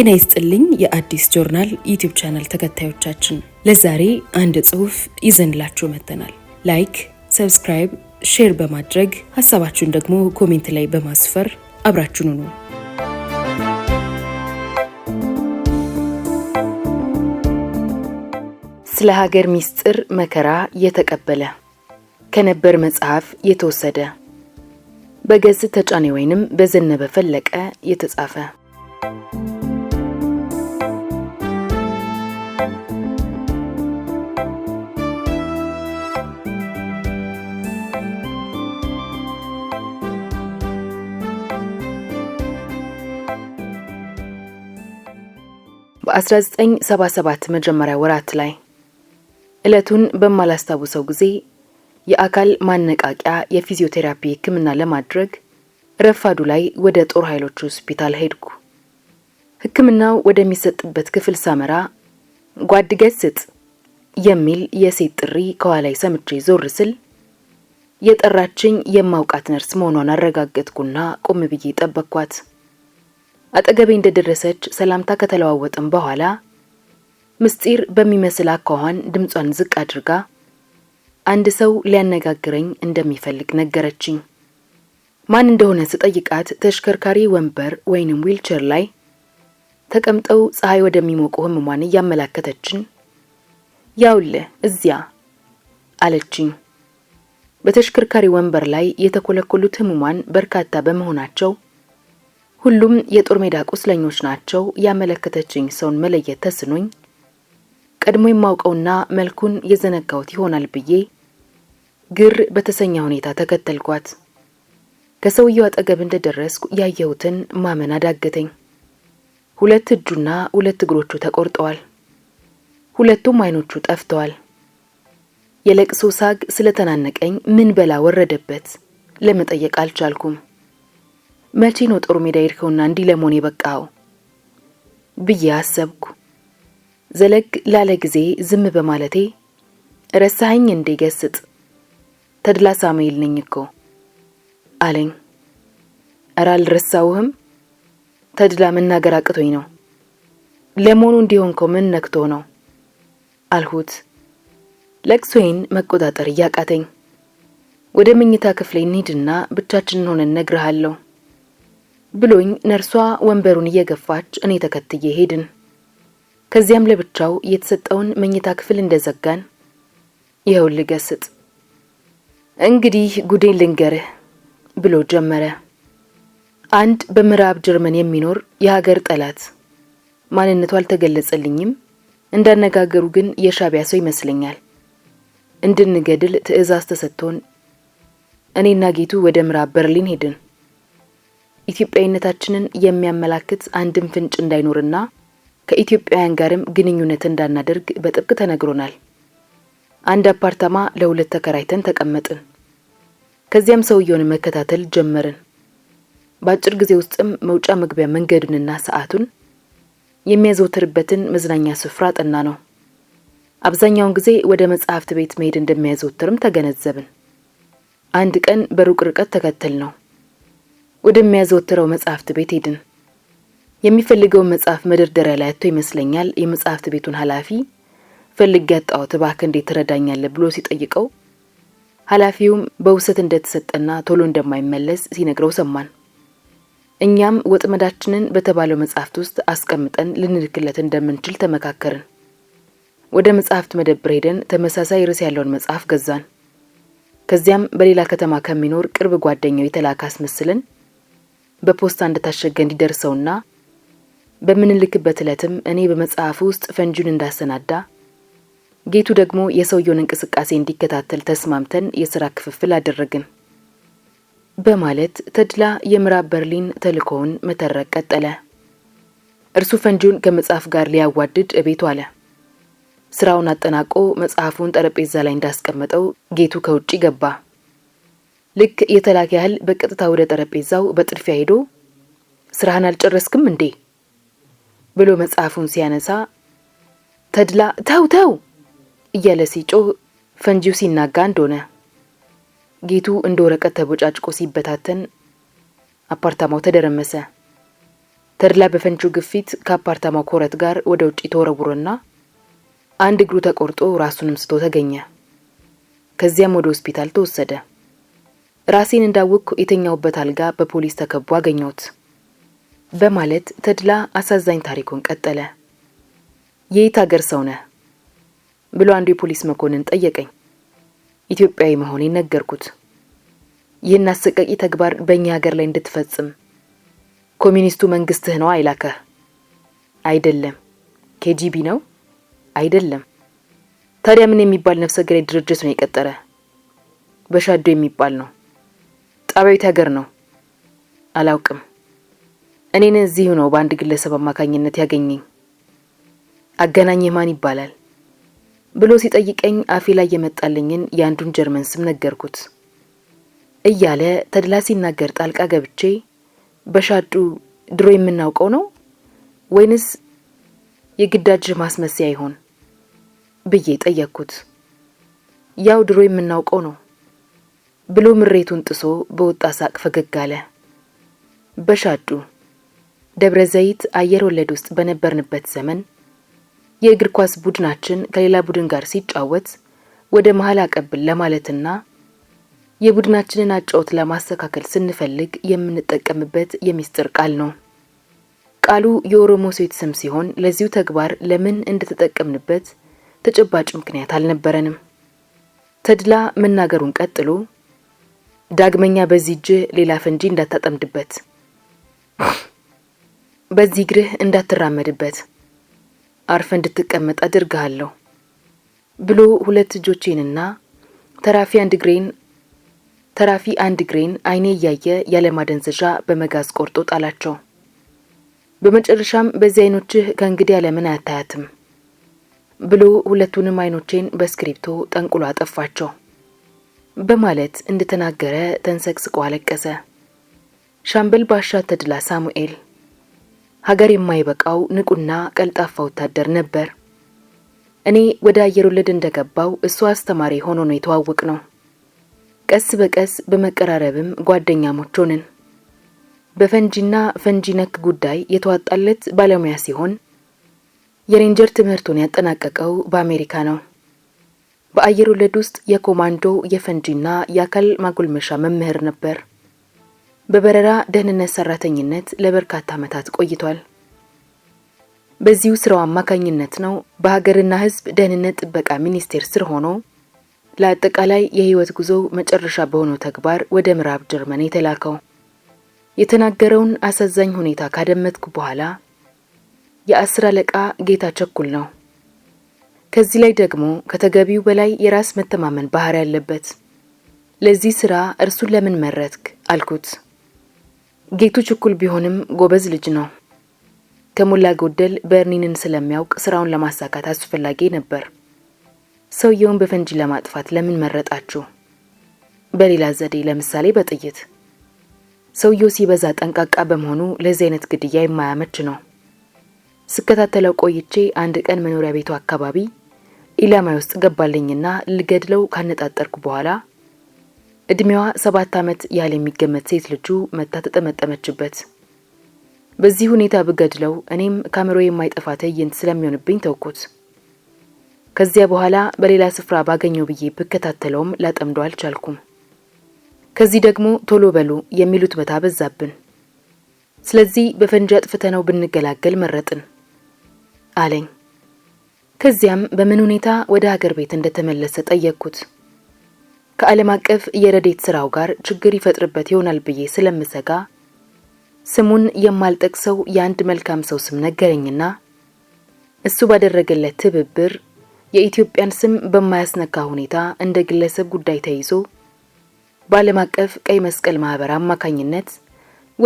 ጤና ይስጥልኝ የአዲስ ጆርናል ዩቲዩብ ቻናል ተከታዮቻችን፣ ለዛሬ አንድ ጽሑፍ ይዘንላችሁ መጥተናል። ላይክ፣ ሰብስክራይብ፣ ሼር በማድረግ ሀሳባችሁን ደግሞ ኮሜንት ላይ በማስፈር አብራችሁን ሁኑ። ስለ ሀገር ሚስጥር መከራ የተቀበለ ከነበር መጽሐፍ የተወሰደ በገጽ ተጫኔ ወይንም በዘነበ ፈለቀ የተጻፈ በ1977 መጀመሪያ ወራት ላይ ዕለቱን በማላስታውሰው ጊዜ የአካል ማነቃቂያ የፊዚዮቴራፒ ሕክምና ለማድረግ ረፋዱ ላይ ወደ ጦር ኃይሎች ሆስፒታል ሄድኩ። ሕክምናው ወደሚሰጥበት ክፍል ሳመራ ጓድ ገስጥ የሚል የሴት ጥሪ ከኋላይ ሰምቼ ዞር ስል የጠራችኝ የማውቃት ነርስ መሆኗን አረጋገጥኩና ቆም ብዬ ጠበቅኳት። አጠገቤ እንደደረሰች ሰላምታ ከተለዋወጥም በኋላ ምስጢር በሚመስል አኳኋን ድምጿን ዝቅ አድርጋ አንድ ሰው ሊያነጋግረኝ እንደሚፈልግ ነገረችኝ። ማን እንደሆነ ስጠይቃት ተሽከርካሪ ወንበር ወይንም ዊልቸር ላይ ተቀምጠው ፀሐይ ወደሚሞቁ ህሙማን እያመላከተችን ያውለ እዚያ አለችኝ። በተሽከርካሪ ወንበር ላይ የተኮለኮሉት ህሙማን በርካታ በመሆናቸው ሁሉም የጦር ሜዳ ቁስለኞች ናቸው ያመለከተችኝ ሰውን መለየት ተስኖኝ ቀድሞ የማውቀውና መልኩን የዘነጋሁት ይሆናል ብዬ ግር በተሰኘ ሁኔታ ተከተልኳት። ከሰውየው አጠገብ እንደደረስኩ ያየሁትን ማመን አዳገተኝ። ሁለት እጁና ሁለት እግሮቹ ተቆርጠዋል። ሁለቱም አይኖቹ ጠፍተዋል። የለቅሶ ሳግ ስለተናነቀኝ ምን በላ ወረደበት ለመጠየቅ አልቻልኩም። መቼ ነው ጦር ሜዳ ሄድከውና እንዲህ ለመሆን የበቃኸው ብዬ አሰብኩ። ዘለግ ላለ ጊዜ ዝም በማለቴ ረሳኸኝ እንዴ ገስጥ፣ ተድላ ሳሙኤል ነኝ እኮ አለኝ። እረ አልረሳውህም፣ ተድላ መናገር አቅቶኝ ነው። ለመሆኑ እንዲሆንከው ምን ነክቶ ነው አልሁት፣ ለቅሶዬን መቆጣጠር እያቃተኝ። ወደ መኝታ ክፍሌ እንሂድና ብቻችንን ሆነን ነግርሃለሁ። ብሎኝ ነርሷ ወንበሩን እየገፋች እኔ ተከትዬ ሄድን። ከዚያም ለብቻው የተሰጠውን መኝታ ክፍል እንደዘጋን ይኸው ልገስጥ እንግዲህ ጉዴን ልንገርህ ብሎ ጀመረ። አንድ በምዕራብ ጀርመን የሚኖር የሀገር ጠላት ማንነቱ አልተገለጸልኝም። እንዳነጋገሩ ግን የሻቢያ ሰው ይመስለኛል። እንድንገድል ትዕዛዝ ተሰጥቶን እኔና ጌቱ ወደ ምዕራብ በርሊን ሄድን። ኢትዮጵያዊነታችንን የሚያመላክት አንድም ፍንጭ እንዳይኖርና ከኢትዮጵያውያን ጋርም ግንኙነት እንዳናደርግ በጥብቅ ተነግሮናል። አንድ አፓርታማ ለሁለት ተከራይተን ተቀመጥን። ከዚያም ሰውየውን መከታተል ጀመርን። በአጭር ጊዜ ውስጥም መውጫ መግቢያ መንገዱንና ሰዓቱን፣ የሚያዘወትርበትን መዝናኛ ስፍራ ጠና ነው። አብዛኛውን ጊዜ ወደ መጽሐፍት ቤት መሄድ እንደሚያዘወትርም ተገነዘብን። አንድ ቀን በሩቅ ርቀት ተከተል ነው ወደሚያዘወትረው መጽሐፍት ቤት ሄድን። የሚፈልገውን መጽሐፍ መደርደሪያ ላይ አጥቶ ይመስለኛል የመጽሐፍት ቤቱን ኃላፊ ፈልጌ አጣሁት፣ እባክህ እንዴት ትረዳኛለህ ብሎ ሲጠይቀው ኃላፊውም በውሰት እንደተሰጠና ቶሎ እንደማይመለስ ሲነግረው ሰማን። እኛም ወጥመዳችንን በተባለው መጽሐፍት ውስጥ አስቀምጠን ልንልክለት እንደምንችል ተመካከርን። ወደ መጽሐፍት መደብር ሄደን ተመሳሳይ ርዕስ ያለውን መጽሐፍ ገዛን። ከዚያም በሌላ ከተማ ከሚኖር ቅርብ ጓደኛው የተላከ አስመስለን በፖስታ እንደታሸገ እንዲደርሰውና በምንልክበት ዕለትም እኔ በመጽሐፍ ውስጥ ፈንጁን እንዳሰናዳ ጌቱ ደግሞ የሰውየውን እንቅስቃሴ እንዲከታተል ተስማምተን የሥራ ክፍፍል አደረግን በማለት ተድላ የምዕራብ በርሊን ተልእኮውን መተረቅ ቀጠለ። እርሱ ፈንጂውን ከመጽሐፍ ጋር ሊያዋድድ እቤቱ አለ። ስራውን አጠናቆ መጽሐፉን ጠረጴዛ ላይ እንዳስቀመጠው ጌቱ ከውጭ ገባ። ልክ የተላከ ያህል በቀጥታ ወደ ጠረጴዛው በጥድፊያ ሄዶ ስራህን አልጨረስክም እንዴ ብሎ መጽሐፉን ሲያነሳ ተድላ ተው ተው እያለ ሲጮህ ፈንጂው ሲናጋ እንደሆነ ጌቱ እንደ ወረቀት ተቦጫጭቆ ሲበታተን አፓርታማው ተደረመሰ። ተድላ በፈንጂው ግፊት ከአፓርታማው ኮረት ጋር ወደ ውጪ ተወረውሮና አንድ እግሩ ተቆርጦ ራሱንም ስቶ ተገኘ። ከዚያም ወደ ሆስፒታል ተወሰደ። ራሴን እንዳወቅኩ የተኛውበት አልጋ በፖሊስ ተከቦ አገኘሁት በማለት ተድላ አሳዛኝ ታሪኩን ቀጠለ። የየት አገር ሰው ነህ ብሎ አንዱ የፖሊስ መኮንን ጠየቀኝ። ኢትዮጵያዊ መሆኔን ነገርኩት። ይህን አሰቃቂ ተግባር በእኛ ሀገር ላይ እንድትፈጽም ኮሚኒስቱ መንግስትህ ነው አይላከህ? አይደለም። ኬጂቢ ነው? አይደለም። ታዲያ ምን የሚባል ነፍሰ ገዳይ ድርጅት ነው የቀጠረ? በሻዶ የሚባል ነው። አብዮት ሀገር ነው። አላውቅም። እኔን እዚሁ ነው በአንድ ግለሰብ አማካኝነት ያገኘኝ። አገናኝህ ማን ይባላል ብሎ ሲጠይቀኝ አፌ ላይ የመጣልኝን የአንዱን ጀርመን ስም ነገርኩት እያለ ተድላ ሲናገር ጣልቃ ገብቼ በሻዱ ድሮ የምናውቀው ነው ወይንስ የግዳጅ ማስመሰያ ይሆን ብዬ ጠየቅኩት። ያው ድሮ የምናውቀው ነው ብሎ ምሬቱን ጥሶ በወጣ ሳቅ ፈገግ አለ። በሻዱ ደብረ ዘይት አየር ወለድ ውስጥ በነበርንበት ዘመን የእግር ኳስ ቡድናችን ከሌላ ቡድን ጋር ሲጫወት ወደ መሀል አቀብል ለማለትና የቡድናችንን አጫወት ለማስተካከል ስንፈልግ የምንጠቀምበት የሚስጥር ቃል ነው። ቃሉ የኦሮሞ ሴት ስም ሲሆን ለዚሁ ተግባር ለምን እንደተጠቀምንበት ተጨባጭ ምክንያት አልነበረንም። ተድላ መናገሩን ቀጥሎ ዳግመኛ በዚህ እጅህ ሌላ ፈንጂ እንዳታጠምድበት፣ በዚህ እግርህ እንዳትራመድበት፣ አርፈ እንድትቀመጥ አድርግሃለሁ ብሎ ሁለት እጆቼንና ተራፊ አንድ እግሬን ተራፊ አንድ እግሬን አይኔ እያየ ያለማደንዘዣ በመጋዝ ቆርጦ ጣላቸው። በመጨረሻም በዚህ አይኖችህ ከእንግዲህ ያለምን አያታያትም ብሎ ሁለቱንም አይኖቼን በእስክሪብቶ ጠንቁሎ አጠፋቸው። በማለት እንደተናገረ ተንሰቅስቆ አለቀሰ። ሻምበል ባሻ ተድላ ሳሙኤል ሀገር የማይበቃው ንቁና ቀልጣፋ ወታደር ነበር። እኔ ወደ አየር ወለድ እንደገባው እሱ አስተማሪ ሆኖ ነው የተዋወቅ ነው። ቀስ በቀስ በመቀራረብም ጓደኛሞች ሆንን። በፈንጂና ፈንጂ ነክ ጉዳይ የተዋጣለት ባለሙያ ሲሆን የሬንጀር ትምህርቱን ያጠናቀቀው በአሜሪካ ነው። በአየር ወለድ ውስጥ የኮማንዶ የፈንጂና የአካል ማጎልመሻ መምህር ነበር። በበረራ ደህንነት ሰራተኝነት ለበርካታ ዓመታት ቆይቷል። በዚሁ ስራው አማካኝነት ነው በሀገርና ሕዝብ ደህንነት ጥበቃ ሚኒስቴር ስር ሆኖ ለአጠቃላይ የህይወት ጉዞ መጨረሻ በሆነው ተግባር ወደ ምዕራብ ጀርመን የተላከው። የተናገረውን አሳዛኝ ሁኔታ ካደመጥኩ በኋላ የአስር አለቃ ጌታ ቸኩል ነው ከዚህ ላይ ደግሞ ከተገቢው በላይ የራስ መተማመን ባህሪ ያለበት። ለዚህ ስራ እርሱን ለምን መረጥክ አልኩት። ጌቱ ችኩል ቢሆንም ጎበዝ ልጅ ነው። ከሞላ ጎደል በርኒንን ስለሚያውቅ ስራውን ለማሳካት አስፈላጊ ነበር። ሰውየውን በፈንጂ ለማጥፋት ለምን መረጣችሁ? በሌላ ዘዴ ለምሳሌ በጥይት። ሰውየው ሲበዛ ጠንቃቃ በመሆኑ ለዚህ አይነት ግድያ የማያመች ነው። ስከታተለው ቆይቼ አንድ ቀን መኖሪያ ቤቱ አካባቢ ኢላማ ውስጥ ገባልኝና ልገድለው ካነጣጠርኩ በኋላ እድሜዋ ሰባት ዓመት ያል የሚገመት ሴት ልጁ መታ ተጠመጠመችበት። በዚህ ሁኔታ ብገድለው እኔም ካሜሮ የማይጠፋ ትዕይንት ስለሚሆንብኝ ተውኩት። ከዚያ በኋላ በሌላ ስፍራ ባገኘው ብዬ ብከታተለውም ላጠምዶ አልቻልኩም። ከዚህ ደግሞ ቶሎ በሉ የሚሉት መታ በዛብን። ስለዚህ በፈንጂ አጥፍተነው ብንገላገል መረጥን አለኝ። ከዚያም በምን ሁኔታ ወደ ሀገር ቤት እንደተመለሰ ጠየቅኩት። ከዓለም አቀፍ የረዴት ስራው ጋር ችግር ይፈጥርበት ይሆናል ብዬ ስለምሰጋ ስሙን የማልጠቅሰው የአንድ መልካም ሰው ስም ነገረኝና እሱ ባደረገለት ትብብር የኢትዮጵያን ስም በማያስነካ ሁኔታ እንደ ግለሰብ ጉዳይ ተይዞ በዓለም አቀፍ ቀይ መስቀል ማህበር አማካኝነት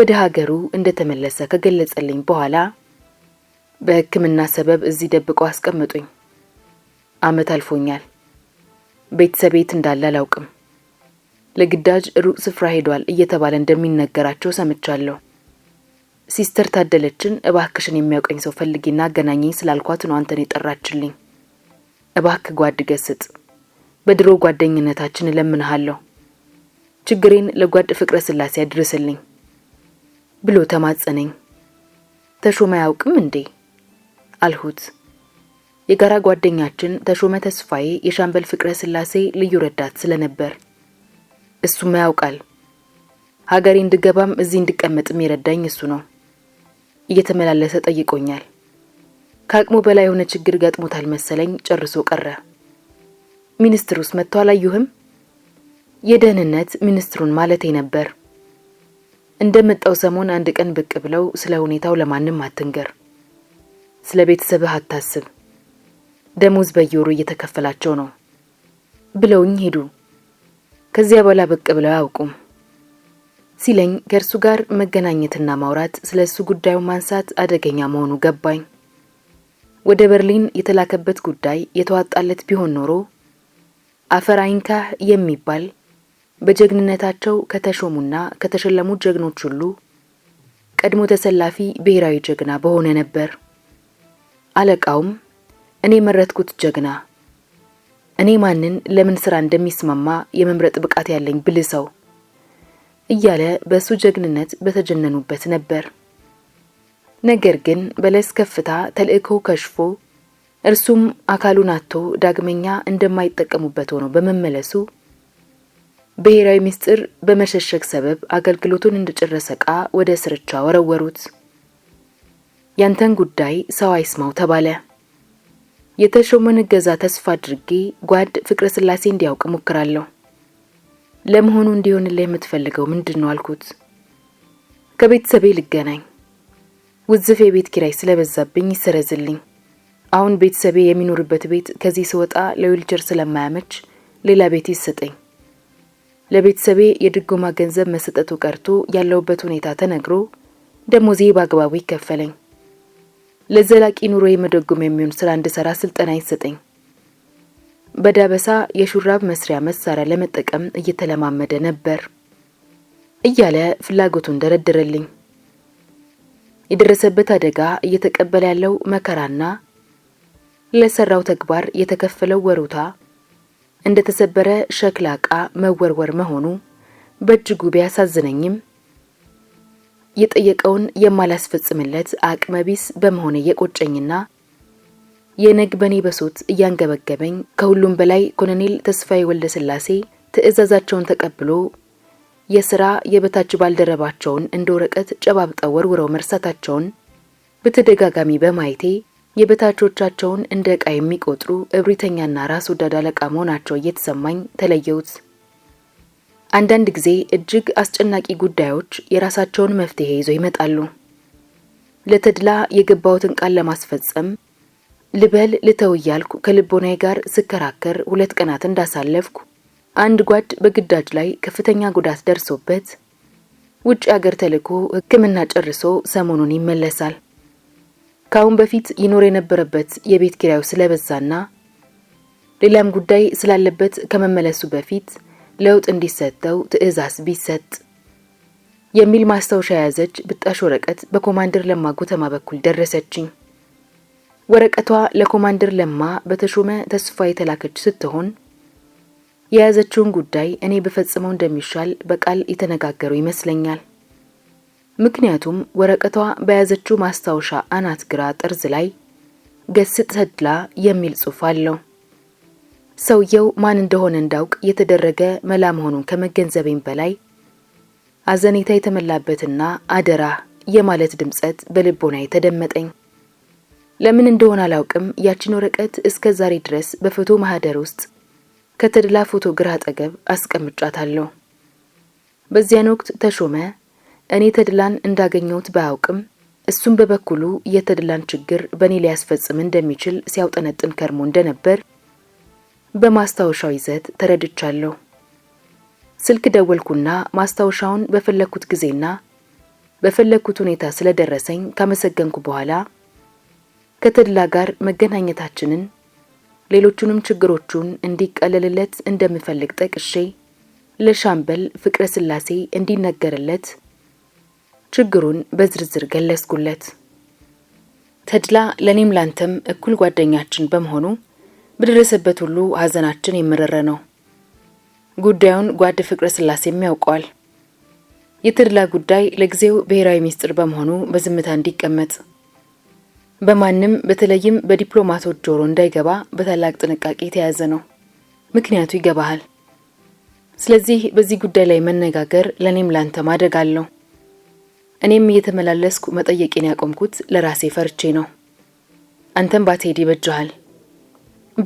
ወደ ሀገሩ እንደተመለሰ ከገለጸልኝ በኋላ በሕክምና ሰበብ እዚህ ደብቀው አስቀምጡኝ አመት አልፎኛል። ቤተሰብ የት እንዳለ አላውቅም። ለግዳጅ ሩቅ ስፍራ ሄዷል እየተባለ እንደሚነገራቸው ሰምቻለሁ። ሲስተር ታደለችን እባክሽን የሚያውቀኝ ሰው ፈልጌና አገናኘኝ ስላልኳት ነው አንተን የጠራችልኝ። እባክ ጓድ ገስጥ፣ በድሮ ጓደኝነታችን እለምንሃለሁ፣ ችግሬን ለጓድ ፍቅረ ስላሴ አድርስልኝ ብሎ ተማጸነኝ። ተሾመ አያውቅም እንዴ? አልሁት። የጋራ ጓደኛችን ተሾመ ተስፋዬ የሻምበል ፍቅረ ስላሴ ልዩ ረዳት ስለነበር እሱም ያውቃል። ሀገሬ እንድገባም እዚህ እንድቀመጥም የረዳኝ እሱ ነው። እየተመላለሰ ጠይቆኛል። ከአቅሙ በላይ የሆነ ችግር ገጥሞታል መሰለኝ ጨርሶ ቀረ። ሚኒስትሩስ መጥቶ አላዩህም? የደህንነት ሚኒስትሩን ማለቴ ነበር። እንደመጣው ሰሞን አንድ ቀን ብቅ ብለው ስለ ሁኔታው ለማንም አትንገር ስለ ቤተሰብህ አታስብ፣ ደሞዝ በየወሩ እየተከፈላቸው ነው ብለውኝ ሄዱ። ከዚያ በኋላ ብቅ ብለው አያውቁም ሲለኝ ከእርሱ ጋር መገናኘትና ማውራት ስለ እሱ ጉዳዩ ማንሳት አደገኛ መሆኑ ገባኝ። ወደ በርሊን የተላከበት ጉዳይ የተዋጣለት ቢሆን ኖሮ አፈር አይንካህ የሚባል በጀግንነታቸው ከተሾሙና ከተሸለሙ ጀግኖች ሁሉ ቀድሞ ተሰላፊ ብሔራዊ ጀግና በሆነ ነበር። አለቃውም እኔ መረጥኩት ጀግና እኔ ማንን ለምን ስራ እንደሚስማማ የመምረጥ ብቃት ያለኝ ብልህ ሰው እያለ በእሱ ጀግንነት በተጀነኑበት ነበር። ነገር ግን በለስ ከፍታ ተልእኮው ከሽፎ እርሱም አካሉን አጥቶ ዳግመኛ እንደማይጠቀሙበት ሆኖ በመመለሱ ብሔራዊ ምስጢር በመሸሸግ ሰበብ አገልግሎቱን እንደጨረሰ ዕቃ ወደ ስርቻ ወረወሩት። ያንተን ጉዳይ ሰው አይስማው ተባለ። የተሾመን እገዛ ተስፋ አድርጌ ጓድ ፍቅረ ስላሴ እንዲያውቅ ሞክራለሁ። ለመሆኑ እንዲሆንልህ የምትፈልገው ምንድን ነው አልኩት። ከቤተሰቤ ልገናኝ፣ ውዝፍ የቤት ኪራይ ስለበዛብኝ ይሰረዝልኝ። አሁን ቤተሰቤ የሚኖርበት ቤት ከዚህ ስወጣ ለዊልቸር ስለማያመች ሌላ ቤት ይሰጠኝ። ለቤተሰቤ የድጎማ ገንዘብ መሰጠቱ ቀርቶ ያለሁበት ሁኔታ ተነግሮ ደሞዜ በአግባቡ ይከፈለኝ። ለዘላቂ ኑሮ የመደጎም የሚሆን ስራ እንድሰራ ስልጠና ይሰጠኝ። በዳበሳ የሹራብ መስሪያ መሳሪያ ለመጠቀም እየተለማመደ ነበር እያለ ፍላጎቱን ደረደረልኝ። የደረሰበት አደጋ እየተቀበለ ያለው መከራና ለሰራው ተግባር የተከፈለው ወሩታ እንደተሰበረ ሸክላ ዕቃ መወርወር መሆኑ በእጅጉ ቢያሳዝነኝም የጠየቀውን የማላስፈጽምለት አቅመቢስ በመሆነ የቆጨኝና የነግ በኔ በሶት እያንገበገበኝ ከሁሉም በላይ ኮሎኔል ተስፋዬ ወልደ ስላሴ ትዕዛዛቸውን ተቀብሎ የስራ የበታች ባልደረባቸውን እንደ ወረቀት ጨባብጠው ወርውረው መርሳታቸውን በተደጋጋሚ በማየቴ የበታቾቻቸውን እንደ ዕቃ የሚቆጥሩ እብሪተኛና ራስ ወዳድ አለቃ መሆናቸው እየተሰማኝ ተለየሁት። አንዳንድ ጊዜ እጅግ አስጨናቂ ጉዳዮች የራሳቸውን መፍትሄ ይዘው ይመጣሉ። ለተድላ የገባሁትን ቃል ለማስፈጸም ልበል ልተው እያልኩ ከልቦናዬ ጋር ስከራከር ሁለት ቀናት እንዳሳለፍኩ አንድ ጓድ በግዳጅ ላይ ከፍተኛ ጉዳት ደርሶበት ውጭ አገር ተልኮ ሕክምና ጨርሶ ሰሞኑን ይመለሳል። ከአሁን በፊት ይኖር የነበረበት የቤት ኪራዩ ስለበዛና ሌላም ጉዳይ ስላለበት ከመመለሱ በፊት ለውጥ እንዲሰጠው ትእዛዝ ቢሰጥ የሚል ማስታወሻ የያዘች ብጣሽ ወረቀት በኮማንደር ለማ ጎተማ በኩል ደረሰችኝ። ወረቀቷ ለኮማንደር ለማ በተሾመ ተስፋ የተላከች ስትሆን የያዘችውን ጉዳይ እኔ በፈጽመው እንደሚሻል በቃል የተነጋገሩ ይመስለኛል። ምክንያቱም ወረቀቷ በያዘችው ማስታወሻ አናት ግራ ጠርዝ ላይ ገስጥ ተድላ የሚል ጽሑፍ አለው። ሰውየው ማን እንደሆነ እንዳውቅ የተደረገ መላ መሆኑን ከመገንዘቤም በላይ አዘኔታ የተመላበትና አደራ የማለት ድምጸት በልቦናዬ ተደመጠኝ። ለምን እንደሆነ አላውቅም። ያችን ወረቀት እስከ ዛሬ ድረስ በፎቶ ማህደር ውስጥ ከተድላ ፎቶ ግራ አጠገብ አስቀምጫታለሁ። በዚያን ወቅት ተሾመ እኔ ተድላን እንዳገኘሁት ባያውቅም እሱም በበኩሉ የተድላን ችግር በእኔ ሊያስፈጽም እንደሚችል ሲያውጠነጥን ከርሞ እንደነበር በማስታወሻው ይዘት ተረድቻለሁ። ስልክ ደወልኩና ማስታወሻውን በፈለግኩት ጊዜና በፈለግኩት ሁኔታ ስለደረሰኝ ካመሰገንኩ በኋላ ከተድላ ጋር መገናኘታችንን ሌሎቹንም ችግሮቹን እንዲቀለልለት እንደምፈልግ ጠቅሼ ለሻምበል ፍቅረ ስላሴ እንዲነገርለት ችግሩን በዝርዝር ገለጽኩለት። ተድላ ለእኔም ላንተም እኩል ጓደኛችን በመሆኑ በደረሰበት ሁሉ ሀዘናችን የመረረ ነው። ጉዳዩን ጓድ ፍቅረ ስላሴም ያውቀዋል። የተድላ ጉዳይ ለጊዜው ብሔራዊ ሚስጥር በመሆኑ በዝምታ እንዲቀመጥ በማንም በተለይም በዲፕሎማቶች ጆሮ እንዳይገባ በታላቅ ጥንቃቄ የተያዘ ነው። ምክንያቱ ይገባሃል። ስለዚህ በዚህ ጉዳይ ላይ መነጋገር ለእኔም ላንተ ማደግ አለው። እኔም እየተመላለስኩ መጠየቄን ያቆምኩት ለራሴ ፈርቼ ነው። አንተም ባትሄድ ይበጅሃል።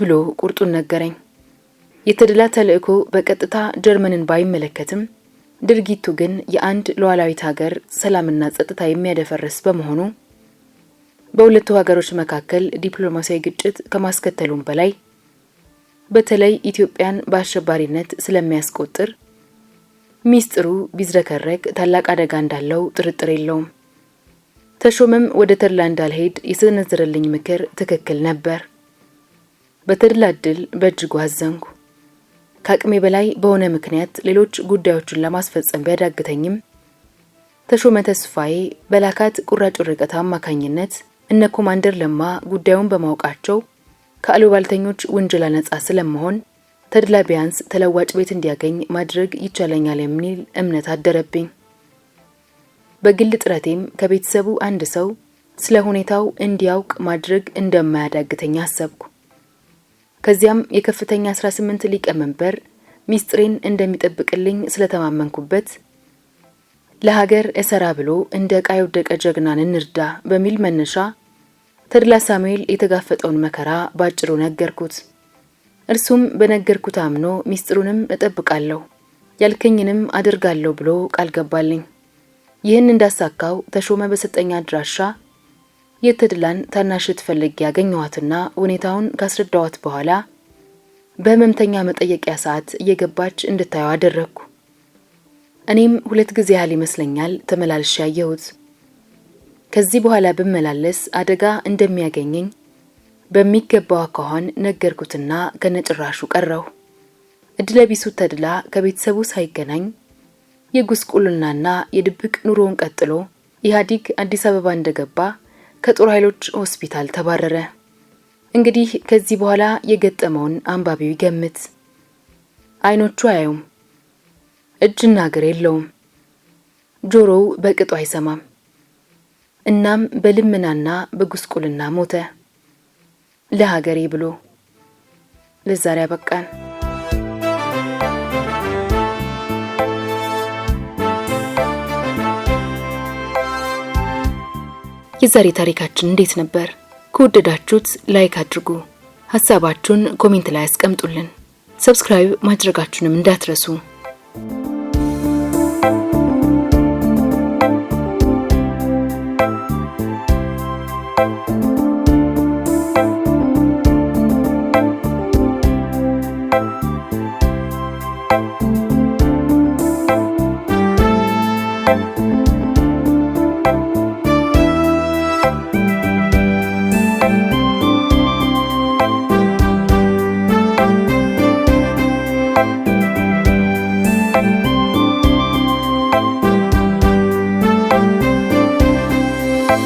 ብሎ ቁርጡን ነገረኝ። የተድላ ተልእኮ በቀጥታ ጀርመንን ባይመለከትም ድርጊቱ ግን የአንድ ሉዓላዊት ሀገር ሰላምና ጸጥታ የሚያደፈርስ በመሆኑ በሁለቱ ሀገሮች መካከል ዲፕሎማሲያዊ ግጭት ከማስከተሉም በላይ በተለይ ኢትዮጵያን በአሸባሪነት ስለሚያስቆጥር ሚስጥሩ ቢዝረከረክ ታላቅ አደጋ እንዳለው ጥርጥር የለውም። ተሾመም ወደ ተድላ እንዳልሄድ የሰነዘረልኝ ምክር ትክክል ነበር። በተድላ እድል በእጅጉ አዘንኩ። ከአቅሜ በላይ በሆነ ምክንያት ሌሎች ጉዳዮችን ለማስፈጸም ቢያዳግተኝም ተሾመ ተስፋዬ በላካት ቁራጭ ወረቀት አማካኝነት እነ ኮማንደር ለማ ጉዳዩን በማወቃቸው ከአሉባልተኞች ውንጀላ ነጻ ስለመሆን ተድላ ቢያንስ ተለዋጭ ቤት እንዲያገኝ ማድረግ ይቻለኛል የሚል እምነት አደረብኝ። በግል ጥረቴም ከቤተሰቡ አንድ ሰው ስለ ሁኔታው እንዲያውቅ ማድረግ እንደማያዳግተኝ አሰብኩ። ከዚያም የከፍተኛ 18 ሊቀመንበር ሚስጥሬን እንደሚጠብቅልኝ ስለተማመንኩበት ለሀገር እሰራ ብሎ እንደ ዕቃ የወደቀ ጀግናን እንርዳ በሚል መነሻ ተድላ ሳሙኤል የተጋፈጠውን መከራ ባጭሩ ነገርኩት። እርሱም በነገርኩት አምኖ ሚስጥሩንም እጠብቃለሁ ያልከኝንም አድርጋለሁ ብሎ ቃል ገባልኝ። ይህን እንዳሳካው ተሾመ በሰጠኝ አድራሻ የተድላን ታናሽ ትፈልግ ያገኘዋትና ሁኔታውን ካስረዳዋት በኋላ በህመምተኛ መጠየቂያ ሰዓት እየገባች እንድታየው አደረግኩ። እኔም ሁለት ጊዜ ያህል ይመስለኛል ተመላልሽ ያየሁት። ከዚህ በኋላ ብመላለስ አደጋ እንደሚያገኘኝ በሚገባው አኳኋን ነገርኩትና ከነጭራሹ ቀረሁ። ቢሱ ተድላ ከቤተሰቡ ሳይገናኝ የጉስቁልናና የድብቅ ኑሮውን ቀጥሎ ኢህአዲግ አዲስ አበባ እንደገባ ከጦር ኃይሎች ሆስፒታል ተባረረ። እንግዲህ ከዚህ በኋላ የገጠመውን አንባቢው ይገምት። አይኖቹ አያዩም፣ እጅና እግር የለውም፣ ጆሮው በቅጡ አይሰማም። እናም በልመናና በጉስቁልና ሞተ ለሀገሬ ብሎ። ለዛሬ አበቃን። የዛሬ ታሪካችን እንዴት ነበር? ከወደዳችሁት ላይክ አድርጉ። ሀሳባችሁን ኮሜንት ላይ አስቀምጡልን። ሰብስክራይብ ማድረጋችሁንም እንዳትረሱ።